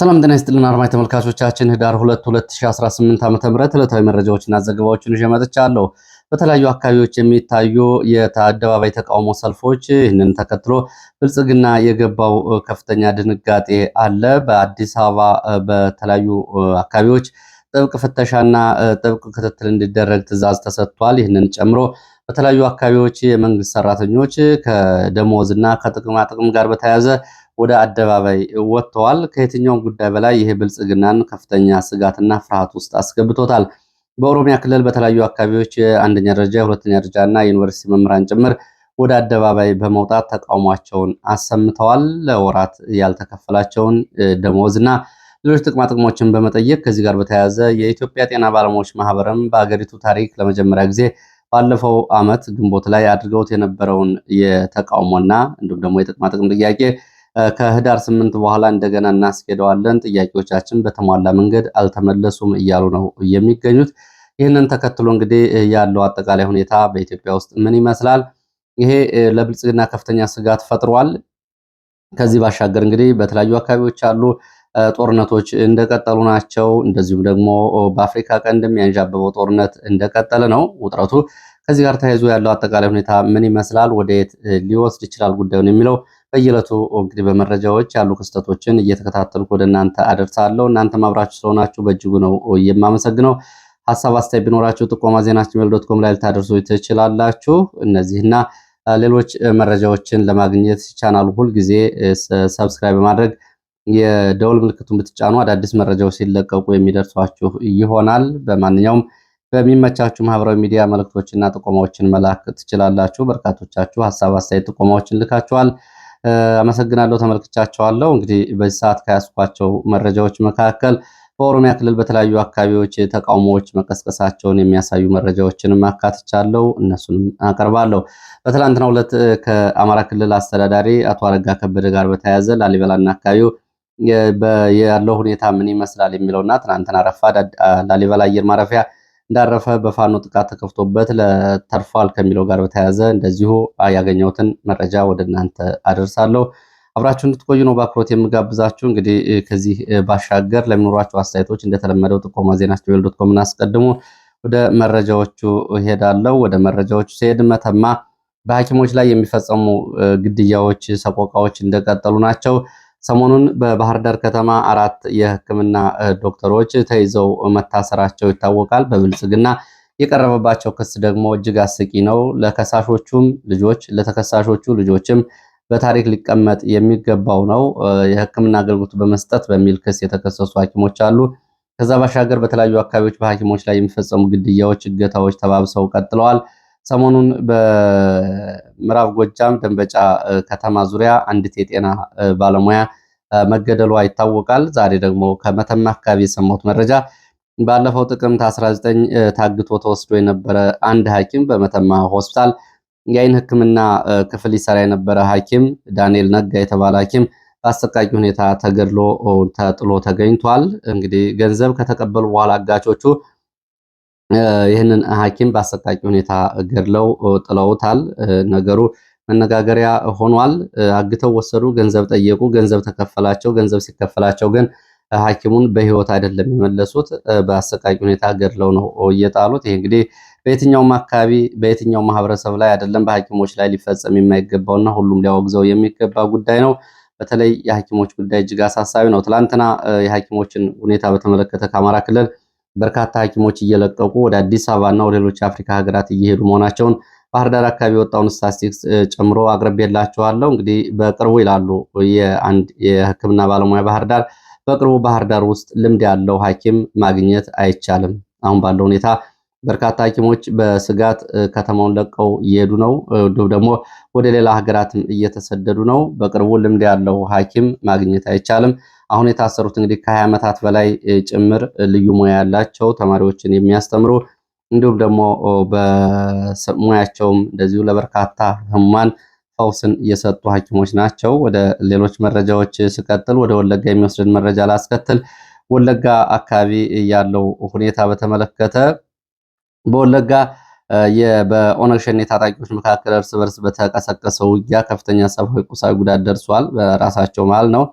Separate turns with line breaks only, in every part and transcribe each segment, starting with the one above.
ሰላም ጤና ይስጥልን አርማይ ተመልካቾቻችን፣ ህዳር 2 2018 ዓ.ም ዕለታዊ መረጃዎችና ዘገባዎችን ይዤ መጥቻለሁ። በተለያዩ አካባቢዎች የሚታዩ የአደባባይ ተቃውሞ ሰልፎች፣ ይህንን ተከትሎ ብልጽግና የገባው ከፍተኛ ድንጋጤ አለ። በአዲስ አበባ በተለያዩ አካባቢዎች ጥብቅ ፍተሻና ጥብቅ ክትትል እንዲደረግ ትዕዛዝ ተሰጥቷል። ይህንን ጨምሮ በተለያዩ አካባቢዎች የመንግስት ሰራተኞች ከደሞዝ እና ከጥቅማ ጥቅም ጋር በተያያዘ ወደ አደባባይ ወጥተዋል። ከየትኛውም ጉዳይ በላይ ይሄ ብልጽግናን ከፍተኛ ስጋትና ፍርሃት ውስጥ አስገብቶታል። በኦሮሚያ ክልል በተለያዩ አካባቢዎች የአንደኛ ደረጃ የሁለተኛ ደረጃ እና የዩኒቨርሲቲ መምህራን ጭምር ወደ አደባባይ በመውጣት ተቃውሟቸውን አሰምተዋል። ለወራት ያልተከፈላቸውን ደሞዝ እና ሌሎች ጥቅሞችን በመጠየቅ ከዚህ ጋር በተያያዘ የኢትዮጵያ ጤና ባለሙያዎች ማህበርም በአገሪቱ ታሪክ ለመጀመሪያ ጊዜ ባለፈው ዓመት ግንቦት ላይ አድርገውት የነበረውን የተቃውሞና እንዲሁም ደግሞ ጥቅም ጥያቄ ከህዳር ስምንት በኋላ እንደገና እናስኬደዋለን፣ ጥያቄዎቻችን በተሟላ መንገድ አልተመለሱም እያሉ ነው የሚገኙት። ይህንን ተከትሎ እንግዲህ ያለው አጠቃላይ ሁኔታ በኢትዮጵያ ውስጥ ምን ይመስላል? ይሄ ለብልጽግና ከፍተኛ ስጋት ፈጥሯል። ከዚህ ባሻገር እንግዲህ በተለያዩ አካባቢዎች ያሉ ጦርነቶች እንደቀጠሉ ናቸው። እንደዚሁም ደግሞ በአፍሪካ ቀንድም ያንዣበበው ጦርነት እንደቀጠለ ነው ውጥረቱ። ከዚህ ጋር ተያይዞ ያለው አጠቃላይ ሁኔታ ምን ይመስላል? ወደየት ሊወስድ ይችላል ጉዳዩን የሚለው በየዕለቱ እንግዲህ በመረጃዎች ያሉ ክስተቶችን እየተከታተልኩ ወደ እናንተ አደርሳለሁ። እናንተም አብራችሁ ስለሆናችሁ በእጅጉ ነው የማመሰግነው። ሀሳብ አስተያየት ቢኖራችሁ ጥቆማ ዜናች ጂሜል ዶት ኮም ላይ ልታደርሱ ትችላላችሁ። እነዚህና ሌሎች መረጃዎችን ለማግኘት ቻናሉ ሁልጊዜ ሰብስክራይብ በማድረግ የደውል ምልክቱን ብትጫኑ አዳዲስ መረጃዎች ሲለቀቁ የሚደርሷችሁ ይሆናል። በማንኛውም በሚመቻችሁ ማህበራዊ ሚዲያ መልእክቶችና ጥቆማዎችን መላክ ትችላላችሁ። በርካቶቻችሁ ሀሳብ አስተያየት ጥቆማዎችን ልካችኋል። አመሰግናለሁ። ተመልክቻቸዋለሁ። እንግዲህ በዚህ ሰዓት ከያስኳቸው መረጃዎች መካከል በኦሮሚያ ክልል በተለያዩ አካባቢዎች ተቃውሞዎች መቀስቀሳቸውን የሚያሳዩ መረጃዎችንም አካትቻለሁ። እነሱንም አቀርባለሁ። በትላንትናው ዕለት ከአማራ ክልል አስተዳዳሪ አቶ አረጋ ከበደ ጋር በተያያዘ ላሊበላና አካባቢው ያለው ሁኔታ ምን ይመስላል የሚለውና ትናንትና ረፋድ ላሊበላ አየር ማረፊያ እንዳረፈ በፋኖ ጥቃት ተከፍቶበት ለተርፏል ከሚለው ጋር በተያያዘ እንደዚሁ ያገኘሁትን መረጃ ወደ እናንተ አደርሳለሁ። አብራችሁ እንድትቆዩ ነው በአክብሮት የምጋብዛችሁ። እንግዲህ ከዚህ ባሻገር ለሚኖሯቸው አስተያየቶች እንደተለመደው ጥቆማ ዜና ጂሜል ዶት ኮምን አስቀድሞ ወደ መረጃዎቹ ሄዳለው። ወደ መረጃዎቹ ሲሄድ መተማ በሐኪሞች ላይ የሚፈጸሙ ግድያዎች፣ ሰቆቃዎች እንደቀጠሉ ናቸው። ሰሞኑን በባህር ዳር ከተማ አራት የህክምና ዶክተሮች ተይዘው መታሰራቸው ይታወቃል። በብልጽግና የቀረበባቸው ክስ ደግሞ እጅግ አስቂ ነው። ለከሳሾቹም ልጆች ለተከሳሾቹ ልጆችም በታሪክ ሊቀመጥ የሚገባው ነው። የህክምና አገልግሎት በመስጠት በሚል ክስ የተከሰሱ ሐኪሞች አሉ። ከዛ ባሻገር በተለያዩ አካባቢዎች በሐኪሞች ላይ የሚፈጸሙ ግድያዎች፣ እገታዎች ተባብሰው ቀጥለዋል። ሰሞኑን በምዕራብ ጎጃም ደንበጫ ከተማ ዙሪያ አንዲት የጤና ባለሙያ መገደሏ ይታወቃል። ዛሬ ደግሞ ከመተማ አካባቢ የሰማሁት መረጃ ባለፈው ጥቅምት 19 ታግቶ ተወስዶ የነበረ አንድ ሐኪም በመተማ ሆስፒታል የአይን ሕክምና ክፍል ይሰራ የነበረ ሐኪም ዳንኤል ነጋ የተባለ ሐኪም በአሰቃቂ ሁኔታ ተገድሎ ተጥሎ ተገኝቷል። እንግዲህ ገንዘብ ከተቀበሉ በኋላ አጋቾቹ ይህንን ሐኪም በአሰቃቂ ሁኔታ ገድለው ጥለውታል። ነገሩ መነጋገሪያ ሆኗል። አግተው ወሰዱ፣ ገንዘብ ጠየቁ፣ ገንዘብ ተከፈላቸው። ገንዘብ ሲከፈላቸው ግን ሐኪሙን በህይወት አይደለም የመለሱት፣ በአሰቃቂ ሁኔታ ገድለው ነው እየጣሉት። ይህ እንግዲህ በየትኛውም አካባቢ በየትኛው ማህበረሰብ ላይ አይደለም በሐኪሞች ላይ ሊፈጸም የማይገባውና ሁሉም ሊያወግዘው የሚገባ ጉዳይ ነው። በተለይ የሐኪሞች ጉዳይ እጅግ አሳሳቢ ነው። ትላንትና የሐኪሞችን ሁኔታ በተመለከተ ከአማራ ክልል በርካታ ሐኪሞች እየለቀቁ ወደ አዲስ አበባ ወደ ሌሎች የአፍሪካ ሀገራት እየሄዱ መሆናቸውን ባህር ዳር አካባቢ የወጣውን ስታስቲክስ ጨምሮ አቅርቤላችኋለሁ። እንግዲህ በቅርቡ ይላሉ የአንድ የሕክምና ባለሙያ ባህር ዳር በቅርቡ ባህር ዳር ውስጥ ልምድ ያለው ሐኪም ማግኘት አይቻልም። አሁን ባለው ሁኔታ በርካታ ሐኪሞች በስጋት ከተማውን ለቀው እየሄዱ ነው፣ እንዲሁም ደግሞ ወደ ሌላ ሀገራትም እየተሰደዱ ነው። በቅርቡ ልምድ ያለው ሐኪም ማግኘት አይቻልም። አሁን የታሰሩት እንግዲህ ከሀያ ዓመታት በላይ ጭምር ልዩ ሙያ ያላቸው ተማሪዎችን የሚያስተምሩ እንዲሁም ደግሞ በሙያቸውም እንደዚሁ ለበርካታ ህሙማን ፈውስን እየሰጡ ሐኪሞች ናቸው። ወደ ሌሎች መረጃዎች ስቀጥል ወደ ወለጋ የሚወስድን መረጃ ላስከትል። ወለጋ አካባቢ ያለው ሁኔታ በተመለከተ በወለጋ በኦነግ ሸኔ ታጣቂዎች መካከል እርስ በርስ በተቀሰቀሰው ውጊያ ከፍተኛ ሰብአዊ፣ ቁሳዊ ጉዳት ደርሷል። በራሳቸው መሃል ነው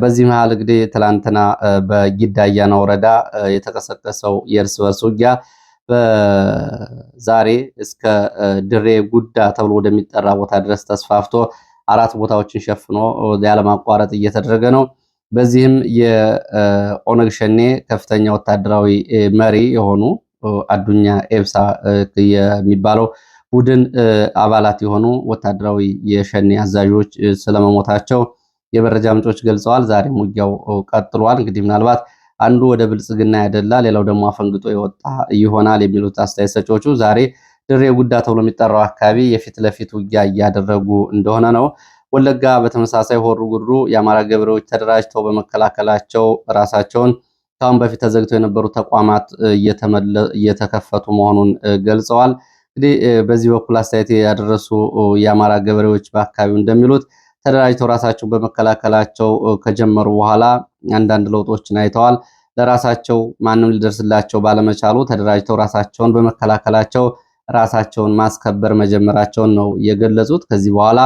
በዚህ መሃል እንግዲህ ትላንትና በጊዳያና ወረዳ የተቀሰቀሰው የእርስ በርስ ውጊያ በዛሬ እስከ ድሬ ጉዳ ተብሎ ወደሚጠራ ቦታ ድረስ ተስፋፍቶ አራት ቦታዎችን ሸፍኖ ያለማቋረጥ እየተደረገ ነው። በዚህም የኦነግ ሸኔ ከፍተኛ ወታደራዊ መሪ የሆኑ አዱኛ ኤብሳ የሚባለው ቡድን አባላት የሆኑ ወታደራዊ የሸኔ አዛዦች ስለመሞታቸው የመረጃ ምንጮች ገልጸዋል። ዛሬም ውጊያው ቀጥሏል። እንግዲህ ምናልባት አንዱ ወደ ብልጽግና ያደላ፣ ሌላው ደግሞ አፈንግጦ የወጣ ይሆናል የሚሉት አስተያየት ሰጪዎቹ ዛሬ ድሬ ጉዳ ተብሎ የሚጠራው አካባቢ የፊት ለፊት ውጊያ እያደረጉ እንደሆነ ነው። ወለጋ በተመሳሳይ ሆሩ ጉድሩ የአማራ ገበሬዎች ተደራጅተው በመከላከላቸው ራሳቸውን ከአሁን በፊት ተዘግተው የነበሩ ተቋማት እየተከፈቱ መሆኑን ገልጸዋል። እንግዲህ በዚህ በኩል አስተያየት ያደረሱ የአማራ ገበሬዎች በአካባቢው እንደሚሉት ተደራጅተው ራሳቸውን በመከላከላቸው ከጀመሩ በኋላ አንዳንድ ለውጦችን አይተዋል። ለራሳቸው ማንም ሊደርስላቸው ባለመቻሉ ተደራጅተው ራሳቸውን በመከላከላቸው ራሳቸውን ማስከበር መጀመራቸውን ነው የገለጹት። ከዚህ በኋላ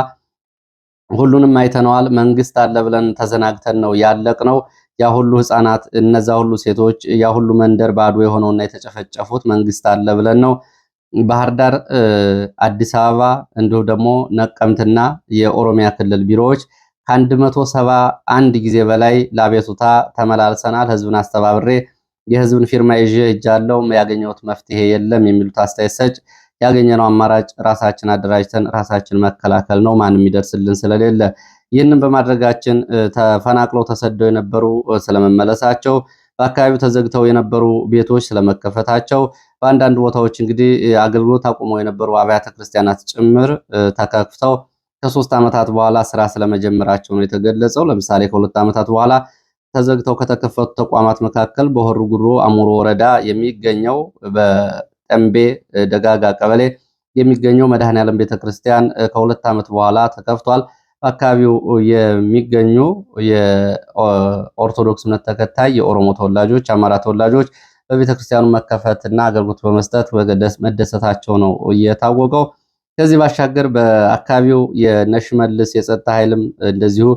ሁሉንም አይተነዋል። መንግስት አለ ብለን ተዘናግተን ነው ያለቅ ነው። ያ ሁሉ ህፃናት፣ እነዛ ሁሉ ሴቶች፣ ያ ሁሉ መንደር ባዶ የሆነውና የተጨፈጨፉት መንግስት አለ ብለን ነው ባህር ዳር፣ አዲስ አበባ እንዲሁም ደግሞ ነቀምትና የኦሮሚያ ክልል ቢሮዎች ከአንድ መቶ ሰባ አንድ ጊዜ በላይ ለአቤቱታ ተመላልሰናል። ህዝብን አስተባብሬ የህዝብን ፊርማ ይዤ እጃለው ያገኘሁት መፍትሄ የለም የሚሉት አስተያየት ሰጭ ያገኘነው አማራጭ ራሳችን አደራጅተን ራሳችን መከላከል ነው፣ ማንም የሚደርስልን ስለሌለ። ይህንን በማድረጋችን ተፈናቅለው ተሰደው የነበሩ ስለመመለሳቸው በአካባቢው ተዘግተው የነበሩ ቤቶች ስለመከፈታቸው በአንዳንድ ቦታዎች እንግዲህ አገልግሎት አቁመው የነበሩ አብያተ ክርስቲያናት ጭምር ተከፍተው ከሶስት ዓመታት በኋላ ስራ ስለመጀመራቸው ነው የተገለጸው። ለምሳሌ ከሁለት ዓመታት በኋላ ተዘግተው ከተከፈቱ ተቋማት መካከል በሆሩ ጉሮ አሙሮ ወረዳ የሚገኘው በጠምቤ ደጋጋ ቀበሌ የሚገኘው መድኃኔ ዓለም ቤተክርስቲያን ከሁለት ዓመት በኋላ ተከፍቷል። በአካባቢው የሚገኙ የኦርቶዶክስ እምነት ተከታይ የኦሮሞ ተወላጆች፣ አማራ ተወላጆች በቤተክርስቲያኑ መከፈትና አገልግሎት በመስጠት መደሰታቸው ነው እየታወቀው። ከዚህ ባሻገር በአካባቢው የነሽመልስ የጸጥታ ኃይልም እንደዚሁ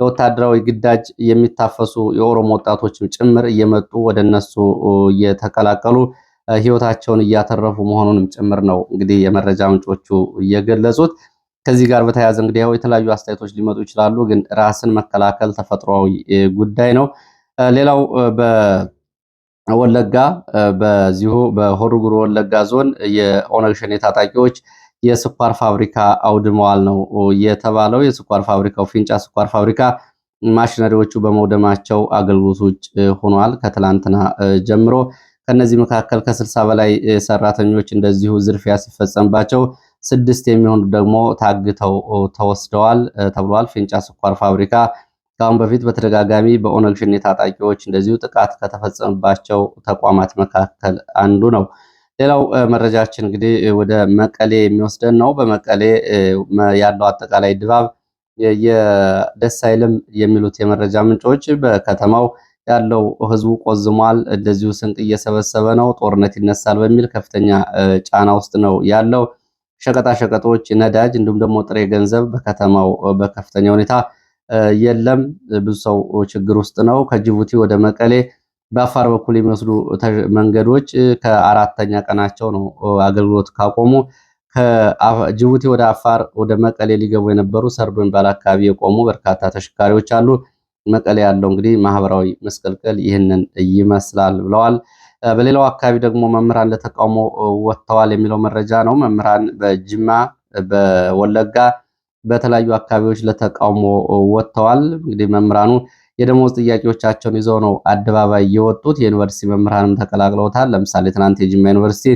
ለወታደራዊ ግዳጅ የሚታፈሱ የኦሮሞ ወጣቶችም ጭምር እየመጡ ወደ እነሱ እየተቀላቀሉ ህይወታቸውን እያተረፉ መሆኑንም ጭምር ነው እንግዲህ የመረጃ ምንጮቹ እየገለጹት። ከዚህ ጋር በተያያዘ እንግዲህ ያው የተለያዩ አስተያየቶች ሊመጡ ይችላሉ፣ ግን ራስን መከላከል ተፈጥሯዊ ጉዳይ ነው። ሌላው በወለጋ በዚሁ በሆሮ ወለጋ ዞን የኦነግ ሸኔ ታጣቂዎች የስኳር ፋብሪካ አውድመዋል ነው የተባለው። የስኳር ፋብሪካው ፊንጫ ስኳር ፋብሪካ ማሽነሪዎቹ በመውደማቸው አገልግሎት ውጭ ሆኗል። ከትላንትና ጀምሮ ከነዚህ መካከል ከስልሳ በላይ ሰራተኞች እንደዚሁ ዝርፊያ ሲፈጸምባቸው ስድስት የሚሆኑ ደግሞ ታግተው ተወስደዋል ተብሏል። ፊንጫ ስኳር ፋብሪካ ከአሁን በፊት በተደጋጋሚ በኦነግ ሸኔ ታጣቂዎች እንደዚሁ ጥቃት ከተፈጸመባቸው ተቋማት መካከል አንዱ ነው። ሌላው መረጃችን እንግዲህ ወደ መቀሌ የሚወስደን ነው። በመቀሌ ያለው አጠቃላይ ድባብ የደስ አይልም የሚሉት የመረጃ ምንጮች በከተማው ያለው ህዝቡ ቆዝሟል፣ እንደዚሁ ስንቅ እየሰበሰበ ነው፣ ጦርነት ይነሳል በሚል ከፍተኛ ጫና ውስጥ ነው ያለው። ሸቀጣሸቀጦች፣ ነዳጅ እንዲሁም ደግሞ ጥሬ ገንዘብ በከተማው በከፍተኛ ሁኔታ የለም። ብዙ ሰው ችግር ውስጥ ነው። ከጅቡቲ ወደ መቀሌ በአፋር በኩል የሚወስዱ መንገዶች ከአራተኛ ቀናቸው ነው አገልግሎት ካቆሙ። ከጅቡቲ ወደ አፋር ወደ መቀሌ ሊገቡ የነበሩ ሰርዶ የሚባል አካባቢ የቆሙ በርካታ ተሽከርካሪዎች አሉ። መቀሌ ያለው እንግዲህ ማህበራዊ መስቀልቀል ይህንን ይመስላል ብለዋል። በሌላው አካባቢ ደግሞ መምህራን ለተቃውሞ ወጥተዋል የሚለው መረጃ ነው። መምህራን በጅማ በወለጋ በተለያዩ አካባቢዎች ለተቃውሞ ወጥተዋል። እንግዲህ መምህራኑ የደሞዝ ጥያቄዎቻቸውን ይዘው ነው አደባባይ የወጡት። የዩኒቨርሲቲ መምህራንም ተቀላቅለውታል። ለምሳሌ ትናንት የጅማ ዩኒቨርሲቲ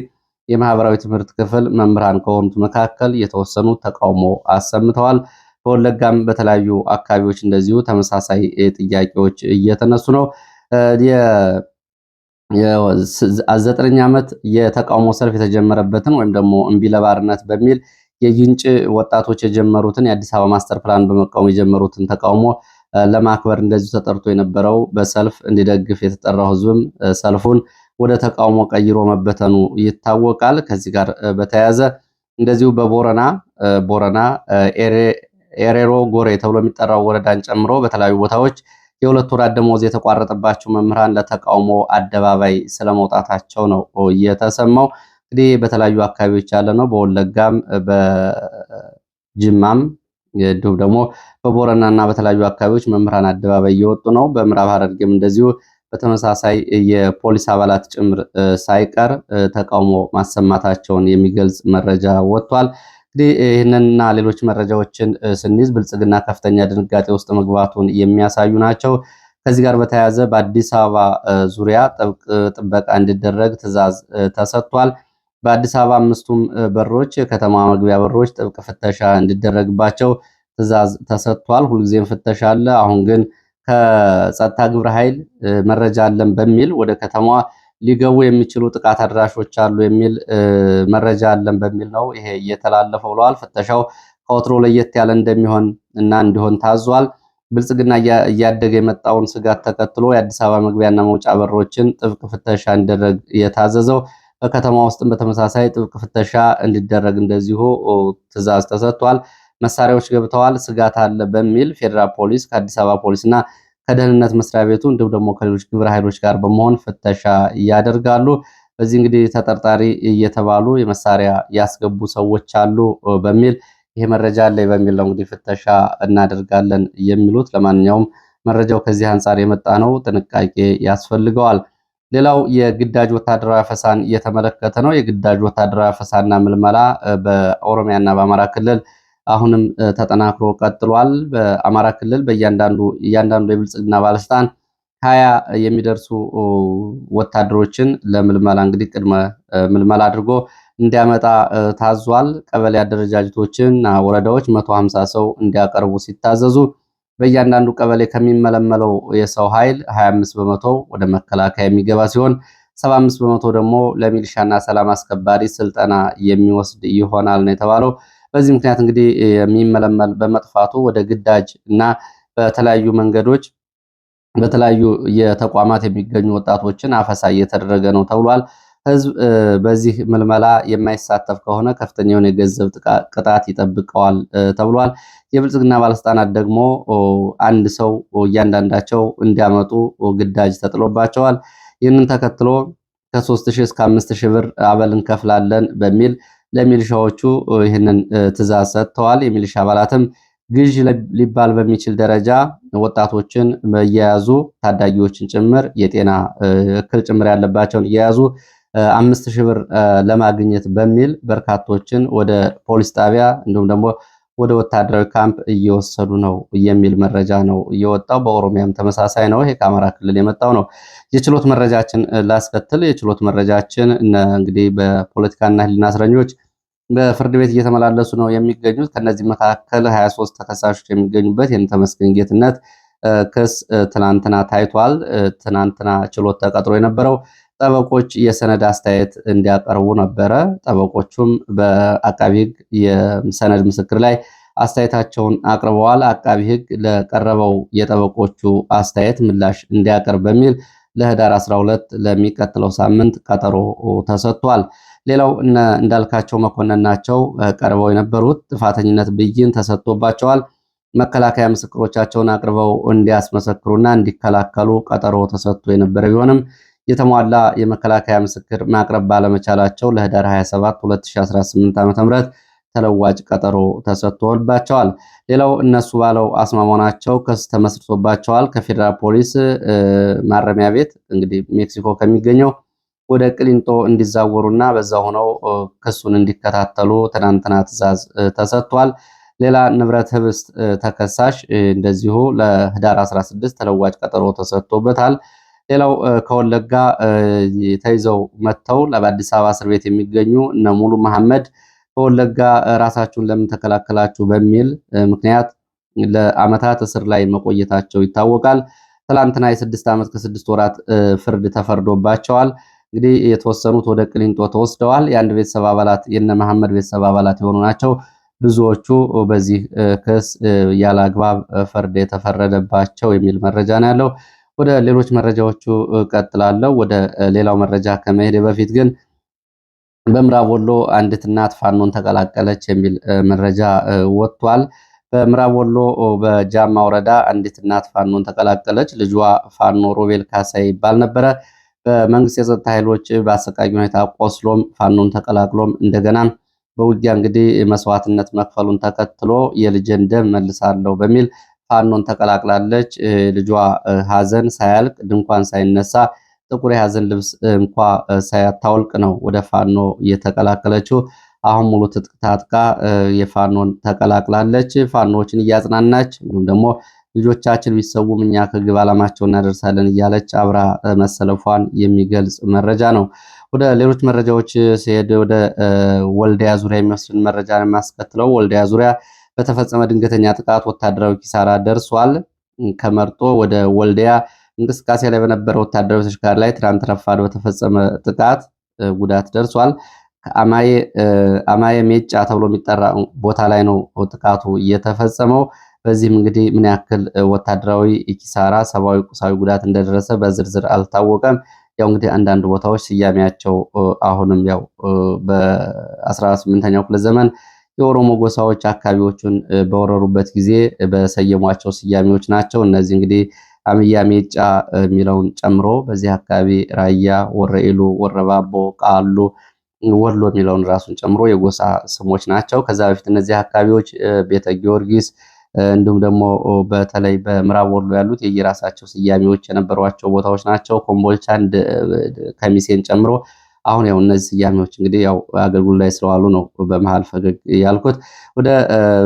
የማህበራዊ ትምህርት ክፍል መምህራን ከሆኑት መካከል የተወሰኑ ተቃውሞ አሰምተዋል። በወለጋም በተለያዩ አካባቢዎች እንደዚሁ ተመሳሳይ ጥያቄዎች እየተነሱ ነው። ዘጠነኛ ዓመት የተቃውሞ ሰልፍ የተጀመረበትን ወይም ደግሞ እምቢ ለባርነት በሚል የግንጭ ወጣቶች የጀመሩትን የአዲስ አበባ ማስተር ፕላን በመቃወም የጀመሩትን ተቃውሞ ለማክበር እንደዚሁ ተጠርቶ የነበረው በሰልፍ እንዲደግፍ የተጠራው ህዝብም ሰልፉን ወደ ተቃውሞ ቀይሮ መበተኑ ይታወቃል። ከዚህ ጋር በተያያዘ እንደዚሁ በቦረና ቦረና ኤሬሮ ጎሬ ተብሎ የሚጠራው ወረዳን ጨምሮ በተለያዩ ቦታዎች የሁለት ወራት ደሞዝ የተቋረጠባቸው መምህራን ለተቃውሞ አደባባይ ስለመውጣታቸው ነው የተሰማው። እንግዲህ በተለያዩ አካባቢዎች ያለ ነው። በወለጋም በጅማም እንዲሁም ደግሞ በቦረና እና በተለያዩ አካባቢዎች መምህራን አደባባይ እየወጡ ነው። በምዕራብ ሐረርጌም እንደዚሁ በተመሳሳይ የፖሊስ አባላት ጭምር ሳይቀር ተቃውሞ ማሰማታቸውን የሚገልጽ መረጃ ወጥቷል። እንግዲህ ይህንንና ሌሎች መረጃዎችን ስንይዝ ብልጽግና ከፍተኛ ድንጋጤ ውስጥ መግባቱን የሚያሳዩ ናቸው። ከዚህ ጋር በተያያዘ በአዲስ አበባ ዙሪያ ጥብቅ ጥበቃ እንዲደረግ ትዕዛዝ ተሰጥቷል። በአዲስ አበባ አምስቱም በሮች፣ የከተማ መግቢያ በሮች ጥብቅ ፍተሻ እንዲደረግባቸው ትዕዛዝ ተሰጥቷል። ሁልጊዜም ፍተሻ አለ። አሁን ግን ከጸጥታ ግብረ ኃይል መረጃ አለን በሚል ወደ ከተማዋ ሊገቡ የሚችሉ ጥቃት አድራሾች አሉ የሚል መረጃ አለን በሚል ነው ይሄ እየተላለፈ ብለዋል። ፍተሻው ከወትሮ ለየት ያለ እንደሚሆን እና እንዲሆን ታዟል። ብልጽግና እያደገ የመጣውን ስጋት ተከትሎ የአዲስ አበባ መግቢያና መውጫ በሮችን ጥብቅ ፍተሻ እንዲደረግ የታዘዘው በከተማ ውስጥም በተመሳሳይ ጥብቅ ፍተሻ እንዲደረግ እንደዚሁ ትዕዛዝ ተሰጥቷል። መሳሪያዎች ገብተዋል፣ ስጋት አለ በሚል ፌዴራል ፖሊስ ከአዲስ አበባ ፖሊስና ከደህንነት መስሪያ ቤቱ እንዲሁም ደግሞ ከሌሎች ግብረ ኃይሎች ጋር በመሆን ፍተሻ ያደርጋሉ። በዚህ እንግዲህ ተጠርጣሪ እየተባሉ የመሳሪያ ያስገቡ ሰዎች አሉ በሚል ይሄ መረጃ አለ በሚል ነው እንግዲህ ፍተሻ እናደርጋለን የሚሉት። ለማንኛውም መረጃው ከዚህ አንጻር የመጣ ነው፣ ጥንቃቄ ያስፈልገዋል። ሌላው የግዳጅ ወታደራዊ አፈሳን እየተመለከተ ነው። የግዳጅ ወታደራዊ አፈሳና ምልመላ በኦሮሚያና በአማራ ክልል አሁንም ተጠናክሮ ቀጥሏል። በአማራ ክልል በእያንዳንዱ እያንዳንዱ የብልጽግና ባለስልጣን ሀያ የሚደርሱ ወታደሮችን ለምልመላ እንግዲህ ቅድመ ምልመላ አድርጎ እንዲያመጣ ታዟል። ቀበሌ አደረጃጀቶችና ወረዳዎች መቶ ሀምሳ ሰው እንዲያቀርቡ ሲታዘዙ በእያንዳንዱ ቀበሌ ከሚመለመለው የሰው ኃይል 25 በመቶ ወደ መከላከያ የሚገባ ሲሆን 75 በመቶ ደግሞ ለሚሊሻና ሰላም አስከባሪ ስልጠና የሚወስድ ይሆናል ነው የተባለው። በዚህ ምክንያት እንግዲህ የሚመለመል በመጥፋቱ ወደ ግዳጅ እና በተለያዩ መንገዶች በተለያዩ የተቋማት የሚገኙ ወጣቶችን አፈሳ እየተደረገ ነው ተብሏል። ህዝብ በዚህ ምልመላ የማይሳተፍ ከሆነ ከፍተኛውን የገንዘብ ቅጣት ይጠብቀዋል ተብሏል። የብልጽግና ባለስልጣናት ደግሞ አንድ ሰው እያንዳንዳቸው እንዲያመጡ ግዳጅ ተጥሎባቸዋል። ይህንን ተከትሎ ከ3000 እስከ 5000 ብር አበል እንከፍላለን በሚል ለሚልሻዎቹ ይህንን ትእዛዝ ሰጥተዋል። የሚልሻ አባላትም ግዥ ሊባል በሚችል ደረጃ ወጣቶችን እየያዙ ታዳጊዎችን ጭምር የጤና እክል ጭምር ያለባቸውን እየያዙ አምስት ሺህ ብር ለማግኘት በሚል በርካቶችን ወደ ፖሊስ ጣቢያ እንዲሁም ደግሞ ወደ ወታደራዊ ካምፕ እየወሰዱ ነው የሚል መረጃ ነው እየወጣው። በኦሮሚያም ተመሳሳይ ነው። ይሄ ከአማራ ክልል የመጣው ነው። የችሎት መረጃችን ላስከትል። የችሎት መረጃችን እንግዲህ በፖለቲካና ሕሊና እስረኞች በፍርድ ቤት እየተመላለሱ ነው የሚገኙት። ከነዚህ መካከል 23 ተከሳሾች የሚገኙበት ይህን ተመስገን ጌትነት ክስ ትናንትና ታይቷል። ትናንትና ችሎት ተቀጥሮ የነበረው ጠበቆች የሰነድ አስተያየት እንዲያቀርቡ ነበረ። ጠበቆቹም በአቃቢ ሕግ የሰነድ ምስክር ላይ አስተያየታቸውን አቅርበዋል። አቃቢ ሕግ ለቀረበው የጠበቆቹ አስተያየት ምላሽ እንዲያቀርብ በሚል ለህዳር 12 ለሚቀጥለው ሳምንት ቀጠሮ ተሰጥቷል። ሌላው እንዳልካቸው መኮንን ናቸው ቀርበው የነበሩት ጥፋተኝነት ብይን ተሰጥቶባቸዋል። መከላከያ ምስክሮቻቸውን አቅርበው እንዲያስመሰክሩና እንዲከላከሉ ቀጠሮ ተሰጥቶ የነበረ ቢሆንም የተሟላ የመከላከያ ምስክር ማቅረብ ባለመቻላቸው ለህዳር 27 2018 ዓ.ም ተለዋጭ ቀጠሮ ተሰጥቶባቸዋል። ሌላው እነሱ ባለው አስማማው ክስ ተመስርቶባቸዋል። ከፌዴራል ፖሊስ ማረሚያ ቤት እንግዲህ ሜክሲኮ ከሚገኘው ወደ ቅሊንጦ እንዲዛወሩና በዛ ሆነው ክሱን እንዲከታተሉ ትናንትና ትዕዛዝ ተሰጥቷል። ሌላ ንብረት ህብስት ተከሳሽ እንደዚሁ ለህዳር 16 ተለዋጭ ቀጠሮ ተሰጥቶበታል። ሌላው ከወለጋ ተይዘው መጥተው በአዲስ አበባ እስር ቤት የሚገኙ እነ ሙሉ መሐመድ ከወለጋ ራሳችሁን ለምን ተከላከላችሁ በሚል ምክንያት ለአመታት እስር ላይ መቆየታቸው ይታወቃል። ትላንትና የስድስት ዓመት ከስድስት ወራት ፍርድ ተፈርዶባቸዋል። እንግዲህ የተወሰኑት ወደ ቅሊንጦ ተወስደዋል። የአንድ ቤተሰብ አባላት የነ መሐመድ ቤተሰብ አባላት የሆኑ ናቸው። ብዙዎቹ በዚህ ክስ ያለ አግባብ ፍርድ የተፈረደባቸው የሚል መረጃ ነው ያለው። ወደ ሌሎች መረጃዎቹ ቀጥላለሁ። ወደ ሌላው መረጃ ከመሄድ በፊት ግን በምዕራብ ወሎ አንዲት እናት ፋኖን ተቀላቀለች የሚል መረጃ ወጥቷል። በምዕራብ ወሎ በጃማ ወረዳ አንዲት እናት ፋኖን ተቀላቀለች። ልጇ ፋኖ ሮቤል ካሳ ይባል ነበረ። በመንግስት የጸጥታ ኃይሎች በአሰቃቂ ሁኔታ ቆስሎም ፋኖን ተቀላቅሎም እንደገና በውጊያ እንግዲህ መስዋዕትነት መክፈሉን ተከትሎ የልጄን ደም መልሳለሁ በሚል ፋኖን ተቀላቅላለች። ልጇ ሀዘን ሳያልቅ ድንኳን ሳይነሳ ጥቁር የሀዘን ልብስ እንኳ ሳያታወልቅ ነው ወደ ፋኖ የተቀላቀለችው። አሁን ሙሉ ትጥቅ ታጥቃ የፋኖን ተቀላቅላለች። ፋኖዎችን እያጽናናች እንዲሁም ደግሞ ልጆቻችን ቢሰውም እኛ ከግብ ዓላማቸው እናደርሳለን እያለች አብራ መሰለፏን የሚገልጽ መረጃ ነው። ወደ ሌሎች መረጃዎች ሲሄድ ወደ ወልዲያ ዙሪያ የሚወስድን መረጃ የማስከትለው። ወልዲያ ዙሪያ በተፈጸመ ድንገተኛ ጥቃት ወታደራዊ ኪሳራ ደርሷል። ከመርጦ ወደ ወልዲያ እንቅስቃሴ ላይ በነበረ ወታደራዊ ተሽከርካሪ ላይ ትናንት ረፋድ በተፈጸመ ጥቃት ጉዳት ደርሷል። አማየ ሜጫ ተብሎ የሚጠራ ቦታ ላይ ነው ጥቃቱ እየተፈጸመው። በዚህም እንግዲህ ምን ያክል ወታደራዊ ኪሳራ፣ ሰብአዊ፣ ቁሳዊ ጉዳት እንደደረሰ በዝርዝር አልታወቀም። ያው እንግዲህ አንዳንድ ቦታዎች ስያሜያቸው አሁንም ያው በ18ኛው ክፍለ ዘመን የኦሮሞ ጎሳዎች አካባቢዎቹን በወረሩበት ጊዜ በሰየሟቸው ስያሜዎች ናቸው። እነዚህ እንግዲህ አምያ ሜጫ የሚለውን ጨምሮ በዚህ አካባቢ ራያ፣ ወረኢሉ፣ ወረባቦ፣ ቃሉ፣ ወሎ የሚለውን ራሱን ጨምሮ የጎሳ ስሞች ናቸው። ከዛ በፊት እነዚህ አካባቢዎች ቤተ ጊዮርጊስ እንዲሁም ደግሞ በተለይ በምዕራብ ወሎ ያሉት የየራሳቸው ስያሜዎች የነበሯቸው ቦታዎች ናቸው። ኮምቦልቻን፣ ከሚሴን ጨምሮ አሁን ያው እነዚህ ስያሜዎች እንግዲህ ያው አገልግሎት ላይ ስለዋሉ ነው በመሃል ፈገግ ያልኩት። ወደ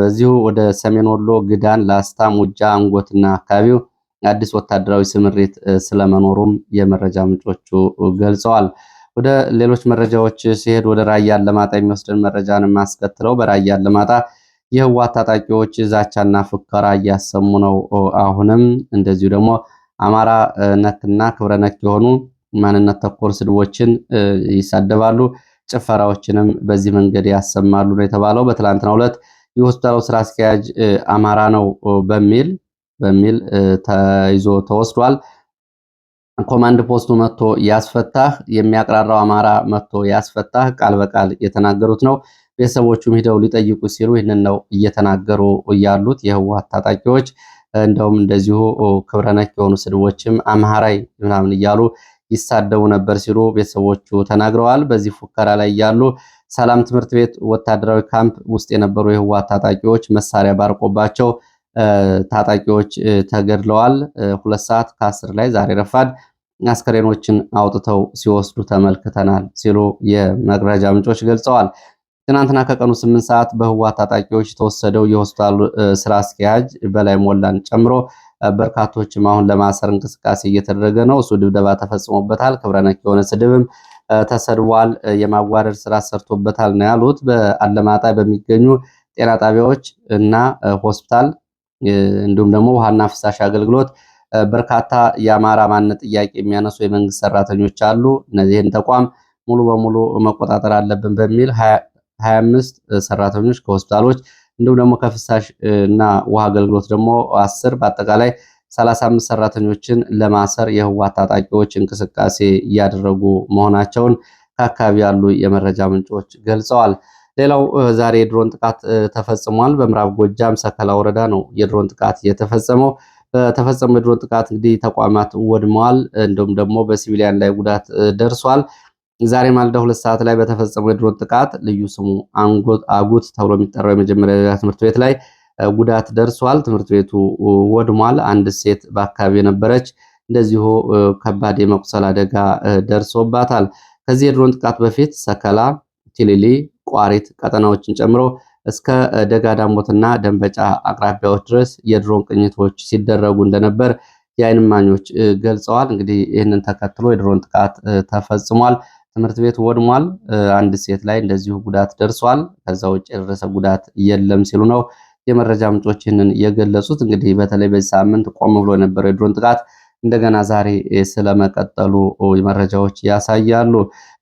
በዚሁ ወደ ሰሜን ወሎ ግዳን፣ ላስታ፣ ሙጃ፣ አንጎትና አካባቢው አዲስ ወታደራዊ ስምሪት ስለመኖሩም የመረጃ ምንጮቹ ገልጸዋል። ወደ ሌሎች መረጃዎች ሲሄድ ወደ ራያ ለማጣ የሚወስድን መረጃን የማስከትለው በራያ ለማጣ የህወሓት ታጣቂዎች ዛቻና ፉከራ እያሰሙ ነው። አሁንም እንደዚሁ ደግሞ አማራ ነክና ክብረ ነክ የሆኑ ማንነት ተኮር ስድቦችን ይሳደባሉ፣ ጭፈራዎችንም በዚህ መንገድ ያሰማሉ ነው የተባለው። በትላንትናው ዕለት የሆስፒታሉ ስራ አስኪያጅ አማራ ነው በሚል በሚል ተይዞ ተወስዷል። ኮማንድ ፖስቱ መጥቶ ያስፈታህ፣ የሚያቅራራው አማራ መጥቶ ያስፈታህ፣ ቃል በቃል የተናገሩት ነው። ቤተሰቦቹም ሂደው ሊጠይቁ ሲሉ ይህንን ነው እየተናገሩ ያሉት የህወሓት ታጣቂዎች። እንደውም እንደዚሁ ክብረነክ የሆኑ ስድቦችም አምሃራይ ምናምን እያሉ ይሳደቡ ነበር ሲሉ ቤተሰቦቹ ተናግረዋል። በዚህ ፉከራ ላይ ያሉ ሰላም ትምህርት ቤት ወታደራዊ ካምፕ ውስጥ የነበሩ የህወሓት ታጣቂዎች መሳሪያ ባርቆባቸው ታጣቂዎች ተገድለዋል። ሁለት ሰዓት ከአስር ላይ ዛሬ ረፋድ አስከሬኖችን አውጥተው ሲወስዱ ተመልክተናል ሲሉ የመረጃ ምንጮች ገልጸዋል። ትናንትና ከቀኑ ስምንት ሰዓት በህወሓት ታጣቂዎች የተወሰደው የሆስፒታሉ ስራ አስኪያጅ በላይ ሞላን ጨምሮ በርካቶችም አሁን ለማሰር እንቅስቃሴ እየተደረገ ነው። እሱ ድብደባ ተፈጽሞበታል። ነክ የሆነ ስድብም ተሰድቧል። የማዋረድ ስራ ሰርቶበታል ነው ያሉት። በአለማጣ በሚገኙ ጤና ጣቢያዎች እና ሆስፒታል እንዲሁም ደግሞ ውሃና ፍሳሽ አገልግሎት በርካታ የአማራ ማንነት ጥያቄ የሚያነሱ የመንግስት ሰራተኞች አሉ። እነዚህን ተቋም ሙሉ በሙሉ መቆጣጠር አለብን በሚል አምስት ሰራተኞች ከሆስፒታሎች እንዲሁም ደግሞ ከፍሳሽ እና ውሃ አገልግሎት ደግሞ አስር በአጠቃላይ 35 ሰራተኞችን ለማሰር የህወሓት ታጣቂዎች እንቅስቃሴ እያደረጉ መሆናቸውን ከአካባቢ ያሉ የመረጃ ምንጮች ገልጸዋል። ሌላው ዛሬ የድሮን ጥቃት ተፈጽሟል። በምዕራብ ጎጃም ሰከላ ወረዳ ነው የድሮን ጥቃት የተፈጸመው። በተፈጸመው የድሮን ጥቃት እንግዲህ ተቋማት ወድመዋል፣ እንዲሁም ደግሞ በሲቪሊያን ላይ ጉዳት ደርሷል። ዛሬ ማልዳ ሁለት ሰዓት ላይ በተፈጸመው የድሮን ጥቃት ልዩ ስሙ አጉት ተብሎ የሚጠራው የመጀመሪያ ደረጃ ትምህርት ቤት ላይ ጉዳት ደርሷል። ትምህርት ቤቱ ወድሟል። አንድ ሴት በአካባቢ የነበረች እንደዚሁ ከባድ የመቁሰል አደጋ ደርሶባታል። ከዚህ የድሮን ጥቃት በፊት ሰከላ፣ ቲሊሊ፣ ቋሪት ቀጠናዎችን ጨምሮ እስከ ደጋ ዳሞትና ደንበጫ አቅራቢያዎች ድረስ የድሮን ቅኝቶች ሲደረጉ እንደነበር የአይንማኞች እማኞች ገልጸዋል። እንግዲህ ይህንን ተከትሎ የድሮን ጥቃት ተፈጽሟል። ትምህርት ቤት ወድሟል። አንድ ሴት ላይ እንደዚሁ ጉዳት ደርሷል። ከዛ ውጭ የደረሰ ጉዳት የለም ሲሉ ነው የመረጃ ምንጮች ይህንን የገለጹት። እንግዲህ በተለይ በዚህ ሳምንት ቆም ብሎ የነበረው የድሮን ጥቃት እንደገና ዛሬ ስለመቀጠሉ መረጃዎች ያሳያሉ።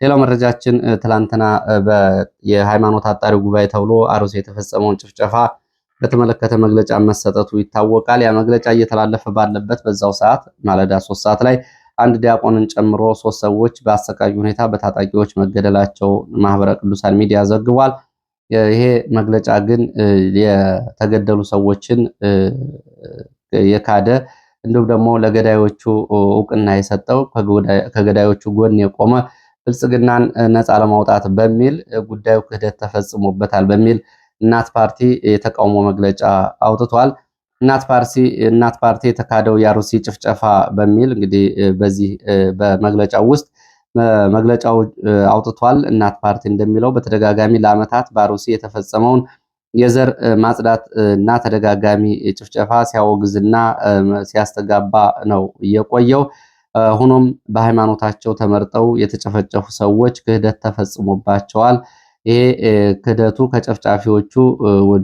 ሌላው መረጃችን ትላንትና የሃይማኖት አጣሪ ጉባኤ ተብሎ አርሲ የተፈጸመውን ጭፍጨፋ በተመለከተ መግለጫ መሰጠቱ ይታወቃል። ያ መግለጫ እየተላለፈ ባለበት በዛው ሰዓት ማለዳ ሶስት ሰዓት ላይ አንድ ዲያቆንን ጨምሮ ሶስት ሰዎች በአሰቃቂ ሁኔታ በታጣቂዎች መገደላቸው ማህበረ ቅዱሳን ሚዲያ ዘግቧል። ይሄ መግለጫ ግን የተገደሉ ሰዎችን የካደ እንዲሁም ደግሞ ለገዳዮቹ እውቅና የሰጠው ከገዳዮቹ ጎን የቆመ ብልጽግናን ነፃ ለማውጣት በሚል ጉዳዩ ክህደት ተፈጽሞበታል በሚል እናት ፓርቲ የተቃውሞ መግለጫ አውጥቷል። እናት ፓርቲ እናት ፓርቲ የተካደው የአሩሲ ጭፍጨፋ በሚል እንግዲህ በዚህ በመግለጫው ውስጥ መግለጫው አውጥቷል። እናት ፓርቲ እንደሚለው በተደጋጋሚ ለዓመታት በአሩሲ የተፈጸመውን የዘር ማጽዳት እና ተደጋጋሚ ጭፍጨፋ ሲያወግዝና ሲያስተጋባ ነው የቆየው። ሆኖም በሃይማኖታቸው ተመርጠው የተጨፈጨፉ ሰዎች ክህደት ተፈጽሞባቸዋል ይሄ ክደቱ ከጨፍጫፊዎቹ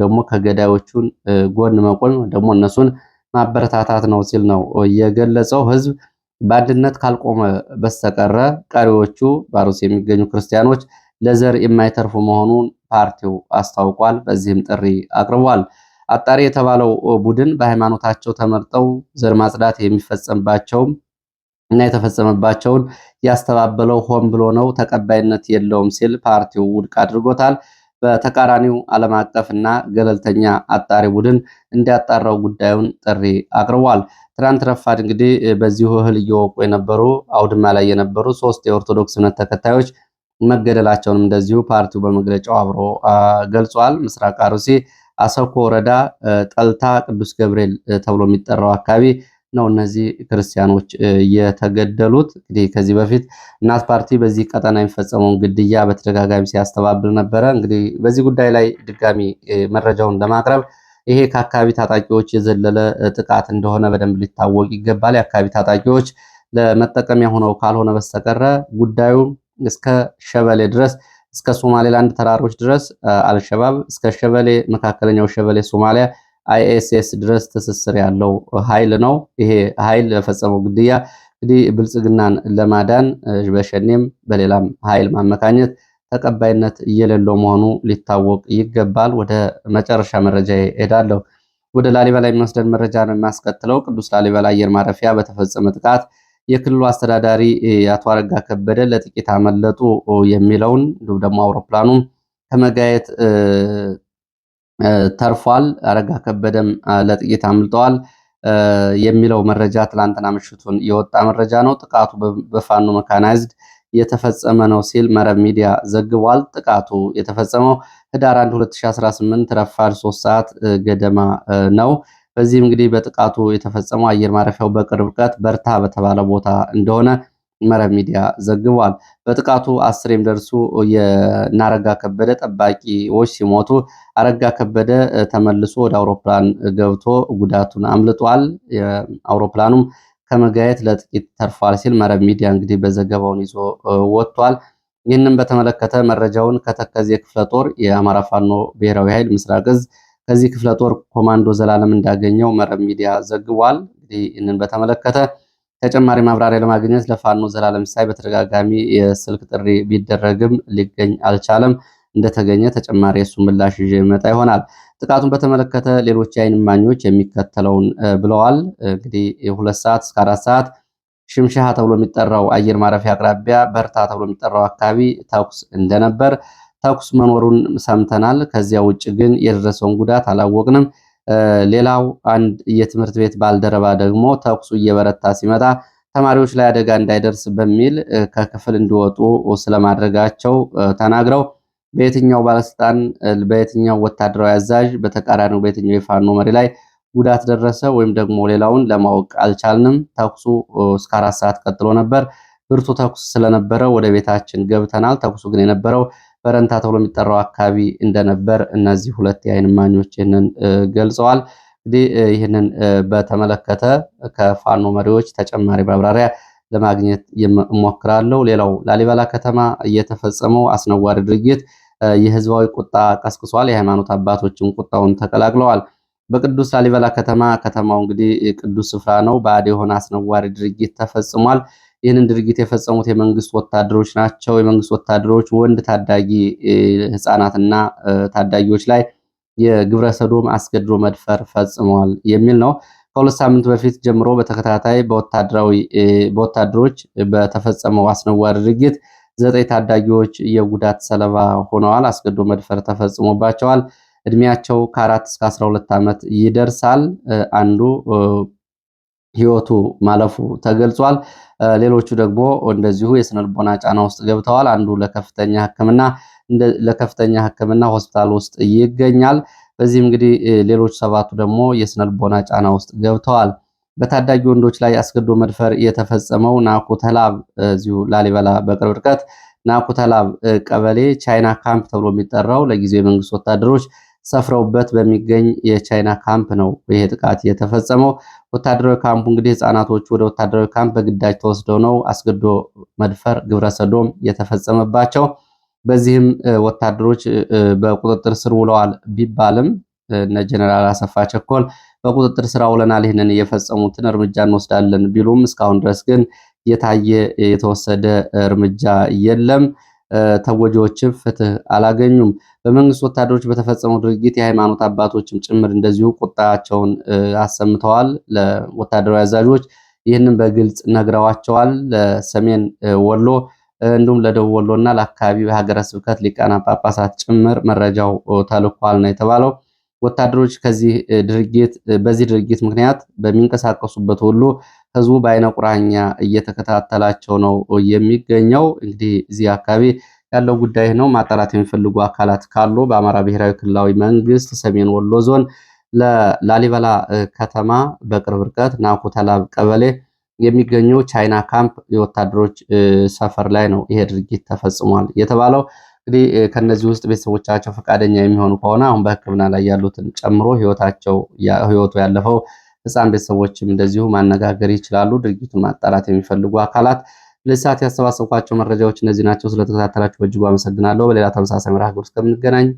ደግሞ ከገዳዮቹን ጎን መቆም ደግሞ እነሱን ማበረታታት ነው ሲል ነው የገለጸው። ህዝብ በአንድነት ካልቆመ በስተቀረ ቀሪዎቹ ባሩስ የሚገኙ ክርስቲያኖች ለዘር የማይተርፉ መሆኑን ፓርቲው አስታውቋል። በዚህም ጥሪ አቅርቧል። አጣሪ የተባለው ቡድን በሃይማኖታቸው ተመርጠው ዘር ማጽዳት የሚፈጸምባቸውም እና የተፈጸመባቸውን ያስተባበለው ሆን ብሎ ነው፣ ተቀባይነት የለውም ሲል ፓርቲው ውድቅ አድርጎታል። በተቃራኒው ዓለም አቀፍ እና ገለልተኛ አጣሪ ቡድን እንዲያጣራው ጉዳዩን ጥሪ አቅርቧል። ትናንት ረፋድ እንግዲህ በዚሁ እህል እየወቁ የነበሩ አውድማ ላይ የነበሩ ሶስት የኦርቶዶክስ እምነት ተከታዮች መገደላቸውንም እንደዚሁ ፓርቲው በመግለጫው አብሮ ገልጿል። ምስራቅ አርሲ አሰኮ ወረዳ ጠልታ ቅዱስ ገብርኤል ተብሎ የሚጠራው አካባቢ ነው እነዚህ ክርስቲያኖች የተገደሉት። እንግዲህ ከዚህ በፊት እናት ፓርቲ በዚህ ቀጠና የሚፈጸመውን ግድያ በተደጋጋሚ ሲያስተባብል ነበረ። እንግዲህ በዚህ ጉዳይ ላይ ድጋሚ መረጃውን ለማቅረብ ይሄ ከአካባቢ ታጣቂዎች የዘለለ ጥቃት እንደሆነ በደንብ ሊታወቅ ይገባል። የአካባቢ ታጣቂዎች ለመጠቀሚያ ሆነው ካልሆነ በስተቀረ ጉዳዩ እስከ ሸበሌ ድረስ እስከ ሶማሌላንድ ተራሮች ድረስ አልሸባብ እስከ ሸበሌ መካከለኛው ሸበሌ ሶማሊያ አይኤስኤስ ድረስ ትስስር ያለው ኃይል ነው። ይሄ ኃይል ለፈጸመው ግድያ እንግዲህ ብልጽግናን ለማዳን በሸኔም በሌላም ኃይል ማመካኘት ተቀባይነት እየሌለው መሆኑ ሊታወቅ ይገባል። ወደ መጨረሻ መረጃ እሄዳለሁ። ወደ ላሊበላ የሚወስደን መረጃ ነው የሚያስከትለው። ቅዱስ ላሊበላ አየር ማረፊያ በተፈጸመ ጥቃት የክልሉ አስተዳዳሪ አቶ አረጋ ከበደ ለጥቂት አመለጡ የሚለውን እንዲሁም ደግሞ አውሮፕላኑም ከመጋየት ተርፏል። አረጋ ከበደም ለጥቂት አምልጠዋል የሚለው መረጃ ትላንትና ምሽቱን የወጣ መረጃ ነው። ጥቃቱ በፋኖ መካናይዝድ የተፈጸመ ነው ሲል መረብ ሚዲያ ዘግቧል። ጥቃቱ የተፈጸመው ህዳር 1 2018 ረፋድ 3 ሰዓት ገደማ ነው። በዚህም እንግዲህ በጥቃቱ የተፈጸመው አየር ማረፊያው በቅርብ ርቀት በርታ በተባለ ቦታ እንደሆነ መረብ ሚዲያ ዘግቧል። በጥቃቱ አስር የሚደርሱ የናረጋ ከበደ ጠባቂዎች ሲሞቱ አረጋ ከበደ ተመልሶ ወደ አውሮፕላን ገብቶ ጉዳቱን አምልጧል። አውሮፕላኑም ከመጋየት ለጥቂት ተርፏል ሲል መረብ ሚዲያ እንግዲህ በዘገባውን ይዞ ወጥቷል። ይህንም በተመለከተ መረጃውን ከተከዜ ክፍለ ጦር የአማራ ፋኖ ብሔራዊ ኃይል ምስራቅ እዝ ከዚህ ክፍለ ጦር ኮማንዶ ዘላለም እንዳገኘው መረብ ሚዲያ ዘግቧል። እንግዲህ ይህንን በተመለከተ ተጨማሪ ማብራሪያ ለማግኘት ለፋኖ ዘላለም ሳይ በተደጋጋሚ የስልክ ጥሪ ቢደረግም ሊገኝ አልቻለም። እንደተገኘ ተጨማሪ የሱ ምላሽ ይዤ ይመጣ ይሆናል። ጥቃቱን በተመለከተ ሌሎች የአይን ማኞች የሚከተለውን ብለዋል። እንግዲህ የሁለት ሰዓት እስከ አራት ሰዓት ሽምሻሃ ተብሎ የሚጠራው አየር ማረፊያ አቅራቢያ በርታ ተብሎ የሚጠራው አካባቢ ተኩስ እንደነበር ተኩስ መኖሩን ሰምተናል። ከዚያ ውጭ ግን የደረሰውን ጉዳት አላወቅንም። ሌላው አንድ የትምህርት ቤት ባልደረባ ደግሞ ተኩሱ እየበረታ ሲመጣ ተማሪዎች ላይ አደጋ እንዳይደርስ በሚል ከክፍል እንዲወጡ ስለማድረጋቸው ተናግረው በየትኛው ባለስልጣን፣ በየትኛው ወታደራዊ አዛዥ፣ በተቃራኒው በየትኛው የፋኖ መሪ ላይ ጉዳት ደረሰ ወይም ደግሞ ሌላውን ለማወቅ አልቻልንም። ተኩሱ እስከ አራት ሰዓት ቀጥሎ ነበር። ብርቱ ተኩስ ስለነበረ ወደ ቤታችን ገብተናል። ተኩሱ ግን የነበረው በረንታ ተብሎ የሚጠራው አካባቢ እንደነበር እነዚህ ሁለት የአይን እማኞች ይህንን ገልጸዋል። እንግዲህ ይህንን በተመለከተ ከፋኖ መሪዎች ተጨማሪ ማብራሪያ ለማግኘት እሞክራለሁ። ሌላው ላሊበላ ከተማ እየተፈጸመው አስነዋሪ ድርጊት የህዝባዊ ቁጣ ቀስቅሷል። የሃይማኖት አባቶችም ቁጣውን ተቀላቅለዋል። በቅዱስ ላሊበላ ከተማ ከተማው እንግዲህ ቅዱስ ስፍራ ነው። በአድ የሆነ አስነዋሪ ድርጊት ተፈጽሟል። ይህንን ድርጊት የፈጸሙት የመንግስት ወታደሮች ናቸው። የመንግስት ወታደሮች ወንድ ታዳጊ ህፃናትና ታዳጊዎች ላይ የግብረ ሰዶም አስገድዶ መድፈር ፈጽመዋል የሚል ነው። ከሁለት ሳምንት በፊት ጀምሮ በተከታታይ በወታደሮች በተፈጸመው አስነዋሪ ድርጊት ዘጠኝ ታዳጊዎች የጉዳት ሰለባ ሆነዋል። አስገድዶ መድፈር ተፈጽሞባቸዋል። እድሜያቸው ከአራት እስከ አስራ ሁለት ዓመት ይደርሳል። አንዱ ህይወቱ ማለፉ ተገልጿል። ሌሎቹ ደግሞ እንደዚሁ የስነልቦና ጫና ውስጥ ገብተዋል። አንዱ ለከፍተኛ ህክምና ለከፍተኛ ህክምና ሆስፒታል ውስጥ ይገኛል። በዚህም እንግዲህ ሌሎች ሰባቱ ደግሞ የስነልቦና ጫና ውስጥ ገብተዋል። በታዳጊ ወንዶች ላይ አስገዶ መድፈር የተፈጸመው ናኩተላብ እዚሁ ላሊበላ በቅርብ ርቀት ናኩተላብ ቀበሌ ቻይና ካምፕ ተብሎ የሚጠራው ለጊዜው የመንግስት ወታደሮች ሰፍረውበት በሚገኝ የቻይና ካምፕ ነው ይሄ ጥቃት የተፈጸመው። ወታደራዊ ካምፑ እንግዲህ ህጻናቶቹ ወደ ወታደራዊ ካምፕ በግዳጅ ተወስደው ነው አስገድዶ መድፈር ግብረሰዶም የተፈጸመባቸው። በዚህም ወታደሮች በቁጥጥር ስር ውለዋል ቢባልም እነ ጀነራል አሰፋ ቸኮል በቁጥጥር ስር አውለናል ይህንን የፈጸሙትን እርምጃ እንወስዳለን ቢሉም እስካሁን ድረስ ግን የታየ የተወሰደ እርምጃ የለም። ተጎጂዎችም ፍትህ አላገኙም። በመንግስት ወታደሮች በተፈጸመው ድርጊት የሃይማኖት አባቶችም ጭምር እንደዚሁ ቁጣቸውን አሰምተዋል። ለወታደራዊ አዛዦች ይህንን በግልጽ ነግረዋቸዋል። ለሰሜን ወሎ እንዲሁም ለደቡብ ወሎ እና ለአካባቢ በሀገረ ስብከት ሊቃና ጳጳሳት ጭምር መረጃው ተልኳል ነው የተባለው። ወታደሮች ከዚህ ድርጊት በዚህ ድርጊት ምክንያት በሚንቀሳቀሱበት ሁሉ ህዝቡ በአይነ ቁራኛ እየተከታተላቸው ነው የሚገኘው። እንግዲህ እዚህ አካባቢ ያለው ጉዳይ ነው። ማጣራት የሚፈልጉ አካላት ካሉ በአማራ ብሔራዊ ክልላዊ መንግስት ሰሜን ወሎ ዞን ለላሊበላ ከተማ በቅርብ ርቀት ናኩተላብ ቀበሌ የሚገኘው ቻይና ካምፕ የወታደሮች ሰፈር ላይ ነው ይሄ ድርጊት ተፈጽሟል የተባለው። እንግዲህ ከነዚህ ውስጥ ቤተሰቦቻቸው ፈቃደኛ የሚሆኑ ከሆነ አሁን በሕክምና ላይ ያሉትን ጨምሮ ህይወታቸው ህይወቱ ያለፈው ህፃን ቤተሰቦችም እንደዚሁ ማነጋገር ይችላሉ። ድርጊቱን ማጣራት የሚፈልጉ አካላት ለሰዓት ያሰባሰብኳቸው መረጃዎች እነዚህ ናቸው። ስለተከታተላችሁ በእጅጉ አመሰግናለሁ። በሌላ ተመሳሳይ መርሃ ግብር እስከምንገናኝ